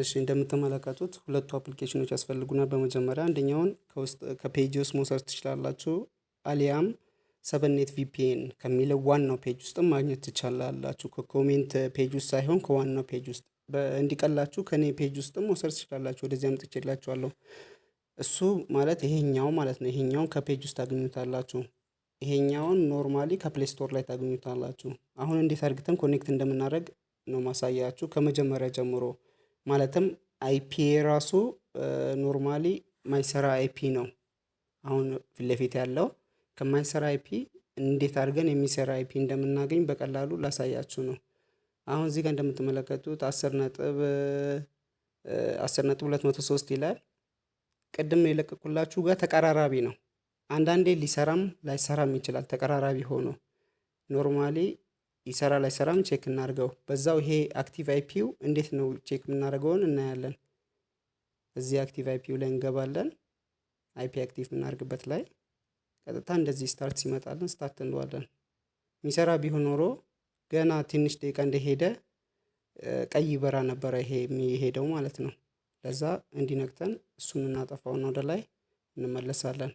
እሺ እንደምትመለከቱት ሁለቱ አፕሊኬሽኖች ያስፈልጉናል። በመጀመሪያ አንደኛውን ከውስጥ ከፔጅስ መውሰድ ትችላላችሁ፣ አሊያም ሰበኔት ቪፒኤን ከሚለው ዋናው ፔጅ ውስጥም ማግኘት ትችላላችሁ። ከኮሜንት ፔጅ ውስጥ ሳይሆን ከዋናው ፔጅ ውስጥ እንዲቀላችሁ ከኔ ፔጅ ውስጥም መውሰድ ትችላላችሁ። ወደዚህ አምጥቼላችኋለሁ። እሱ ማለት ይሄኛው ማለት ነው። ይሄኛውን ከፔጅ ውስጥ ታገኙታላችሁ። ይሄኛውን ኖርማሊ ከፕሌይ ስቶር ላይ ታገኙታላችሁ። አሁን እንዴት አድርግተን ኮኔክት እንደምናደርግ ነው ማሳያችሁ ከመጀመሪያ ጀምሮ ማለትም አይፒ ራሱ ኖርማሊ ማይሰራ አይፒ ነው። አሁን ፊት ለፊት ያለው ከማይሰራ አይፒ እንዴት አድርገን የሚሰራ አይፒ እንደምናገኝ በቀላሉ ላሳያችሁ ነው። አሁን እዚህ ጋር እንደምትመለከቱት አስር ነጥብ አስር ነጥብ ሁለት መቶ ሶስት ይላል። ቅድም የለቀቁላችሁ ጋር ተቀራራቢ ነው። አንዳንዴ ሊሰራም ላይሰራም ይችላል። ተቀራራቢ ሆኖ ኖርማሊ ይሰራል አይሰራም ቼክ እናድርገው። በዛው ይሄ አክቲቭ አይፒው እንዴት ነው ቼክ የምናደርገውን እናያለን። እዚህ አክቲቭ አይፒው ላይ እንገባለን። አይፒ አክቲቭ የምናደርግበት ላይ ቀጥታ እንደዚህ ስታርት ሲመጣለን ስታርት እንለዋለን። የሚሰራ ቢሆን ኖሮ ገና ትንሽ ደቂቃ እንደሄደ ቀይ በራ ነበረ ይሄ የሚሄደው ማለት ነው። ለዛ እንዲነግተን እሱን እናጠፋውን ወደ ላይ እንመለሳለን።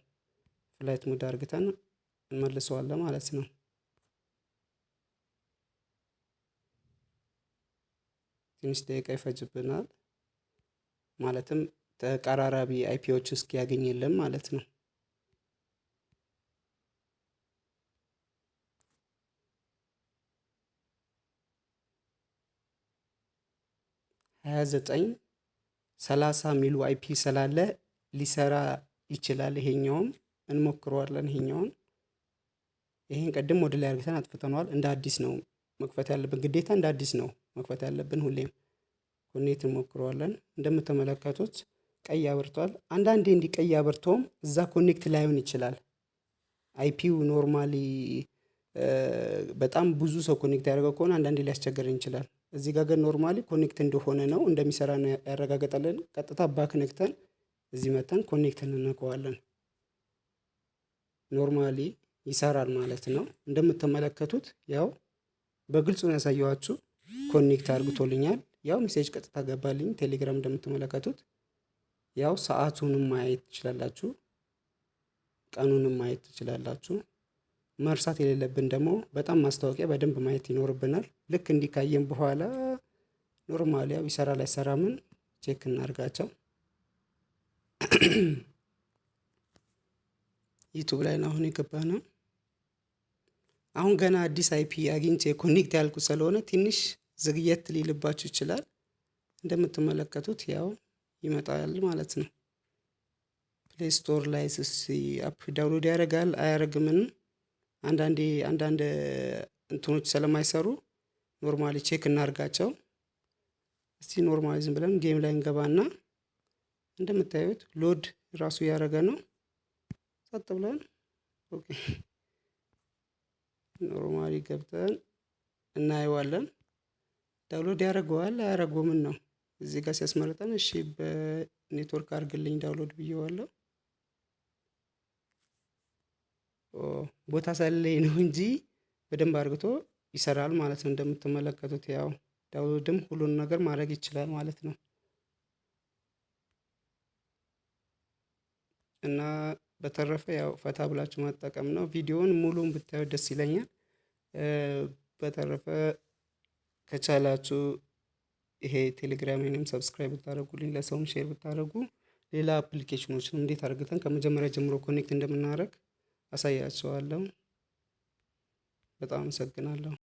ፍላይት ሙድ አድርግተን እንመልሰዋለን ማለት ነው። ትንሽ ደቂቃ ይፈጅብናል። ማለትም ተቀራራቢ አይፒዎች እስኪያገኝ የለም ማለት ነው። ሀያ ዘጠኝ ሰላሳ ሚሉ አይፒ ስላለ ሊሰራ ይችላል። ይሄኛውም እንሞክረዋለን። ይሄኛውን ይሄን ቅድም ወደ ላይ አርግተን አጥፍተነዋል። እንደ አዲስ ነው መክፈት ያለብን ግዴታ እንደ አዲስ ነው። መክፈት ያለብን ሁሌም ኮኔክት እንሞክረዋለን። እንደምትመለከቱት ቀይ አብርቷል። አንዳንዴ እንዲህ ቀይ አብርቶም እዛ ኮኔክት ላይሆን ይችላል። አይፒው ኖርማሊ በጣም ብዙ ሰው ኮኔክት ያደረገው ከሆነ አንዳንዴ ሊያስቸግረን ይችላል። እዚህ ጋር ግን ኖርማሊ ኮኔክት እንደሆነ ነው እንደሚሰራ ነው ያረጋገጠልን። ቀጥታ ባክነክተን እዚህ መተን ኮኔክት እንነቀዋለን። ኖርማሊ ይሰራል ማለት ነው። እንደምትመለከቱት ያው በግልጹ ነው ያሳየኋችሁ። ኮኔክት አርግቶልኛል። ያው ሜሴጅ ቀጥታ ገባልኝ። ቴሌግራም እንደምትመለከቱት ያው ሰዓቱንም ማየት ትችላላችሁ፣ ቀኑንም ማየት ትችላላችሁ። መርሳት የሌለብን ደግሞ በጣም ማስታወቂያ በደንብ ማየት ይኖርብናል። ልክ እንዲካየን በኋላ ኖርማል ያው ይሰራ ላይሰራ ምን ቼክ እናርጋቸው። ዩቱብ ላይ ነው አሁን የገባ ነው። አሁን ገና አዲስ አይፒ አግኝቼ ኮኔክት ያልኩ ስለሆነ ትንሽ ዝግየት ሊልባችሁ ይችላል። እንደምትመለከቱት ያው ይመጣል ማለት ነው። ፕሌይ ስቶር ላይ ስስ አፕ ዳውንሎድ ያደርጋል አያደርግምን? አንዳንዴ አንዳንድ እንትኖች ስለማይሰሩ ኖርማሊ ቼክ እናርጋቸው። እስቲ ኖርማሊ ዝም ብለን ጌም ላይ እንገባና እንደምታዩት ሎድ ራሱ እያደረገ ነው። ጸጥ ብለን ኦኬ ኖርማሊ ገብተን እናየዋለን። ዳውንሎድ ያደርገዋል አያደርገውምን ነው እዚህ ጋር ሲያስመርጠን፣ እሺ በኔትወርክ አድርግልኝ ዳውንሎድ ብየዋለሁ። ቦታ ሳለይ ነው እንጂ በደንብ አድርግቶ ይሰራል ማለት ነው። እንደምትመለከቱት ያው ዳውንሎድም ሁሉን ነገር ማድረግ ይችላል ማለት ነው እና በተረፈ ያው ፈታ ብላችሁ መጠቀም ነው። ቪዲዮውን ሙሉን ብታዩ ደስ ይለኛል። በተረፈ ከቻላችሁ ይሄ ቴሌግራምንም ሰብስክራይብ ብታደረጉልኝ፣ ለሰውም ሼር ብታደረጉ ሌላ አፕሊኬሽኖችን እንዴት አድርገን ከመጀመሪያ ጀምሮ ኮኔክት እንደምናደረግ አሳያችኋለሁ። በጣም አመሰግናለሁ።